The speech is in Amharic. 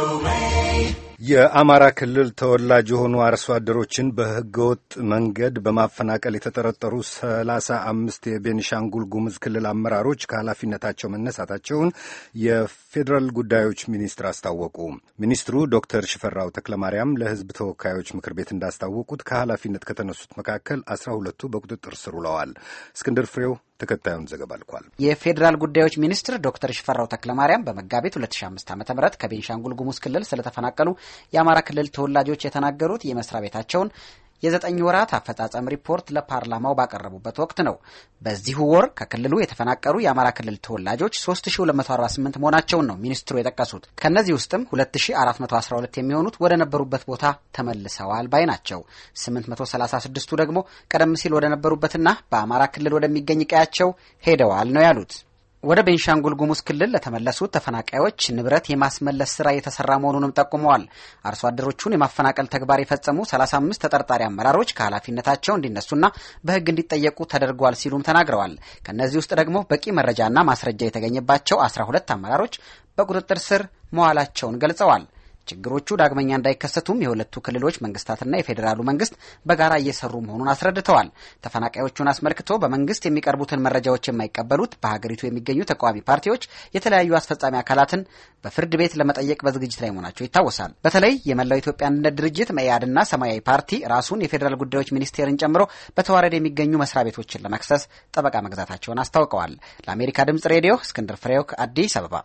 away. የአማራ ክልል ተወላጅ የሆኑ አርሶ አደሮችን በህገወጥ መንገድ በማፈናቀል የተጠረጠሩ ሰላሳ አምስት የቤኒሻንጉል ጉሙዝ ክልል አመራሮች ከኃላፊነታቸው መነሳታቸውን የፌዴራል ጉዳዮች ሚኒስትር አስታወቁ። ሚኒስትሩ ዶክተር ሽፈራው ተክለማርያም ለህዝብ ተወካዮች ምክር ቤት እንዳስታወቁት ከኃላፊነት ከተነሱት መካከል አስራ ሁለቱ በቁጥጥር ስር ውለዋል። እስክንድር ፍሬው ተከታዩን ዘገባ አልኳል። የፌዴራል ጉዳዮች ሚኒስትር ዶክተር ሽፈራው ተክለማርያም በመጋቢት 2005 ዓ ም ከቤንሻንጉል ጉሙዝ ክልል ስለተፈናቀሉ የአማራ ክልል ተወላጆች የተናገሩት የመስሪያ ቤታቸውን የዘጠኝ ወራት አፈጻጸም ሪፖርት ለፓርላማው ባቀረቡበት ወቅት ነው። በዚሁ ወር ከክልሉ የተፈናቀሉ የአማራ ክልል ተወላጆች 3248 መሆናቸውን ነው ሚኒስትሩ የጠቀሱት። ከእነዚህ ውስጥም 2412 የሚሆኑት ወደ ነበሩበት ቦታ ተመልሰዋል ባይ ናቸው። 836ቱ ደግሞ ቀደም ሲል ወደ ነበሩበትና በአማራ ክልል ወደሚገኝ ቀያቸው ሄደዋል ነው ያሉት። ወደ ቤንሻንጉል ጉሙዝ ክልል ለተመለሱት ተፈናቃዮች ንብረት የማስመለስ ስራ የተሰራ መሆኑንም ጠቁመዋል። አርሶ አደሮቹን የማፈናቀል ተግባር የፈጸሙ 35 ተጠርጣሪ አመራሮች ከኃላፊነታቸው እንዲነሱና በሕግ እንዲጠየቁ ተደርጓል ሲሉም ተናግረዋል። ከእነዚህ ውስጥ ደግሞ በቂ መረጃና ማስረጃ የተገኘባቸው 12 አመራሮች በቁጥጥር ስር መዋላቸውን ገልጸዋል። ችግሮቹ ዳግመኛ እንዳይከሰቱም የሁለቱ ክልሎች መንግስታትና የፌዴራሉ መንግስት በጋራ እየሰሩ መሆኑን አስረድተዋል። ተፈናቃዮቹን አስመልክቶ በመንግስት የሚቀርቡትን መረጃዎች የማይቀበሉት በሀገሪቱ የሚገኙ ተቃዋሚ ፓርቲዎች የተለያዩ አስፈጻሚ አካላትን በፍርድ ቤት ለመጠየቅ በዝግጅት ላይ መሆናቸው ይታወሳል። በተለይ የመላው ኢትዮጵያ አንድነት ድርጅት መኢአድና ሰማያዊ ፓርቲ ራሱን የፌዴራል ጉዳዮች ሚኒስቴርን ጨምሮ በተዋረድ የሚገኙ መስሪያ ቤቶችን ለመክሰስ ጠበቃ መግዛታቸውን አስታውቀዋል። ለአሜሪካ ድምጽ ሬዲዮ እስክንድር ፍሬው ከአዲስ አበባ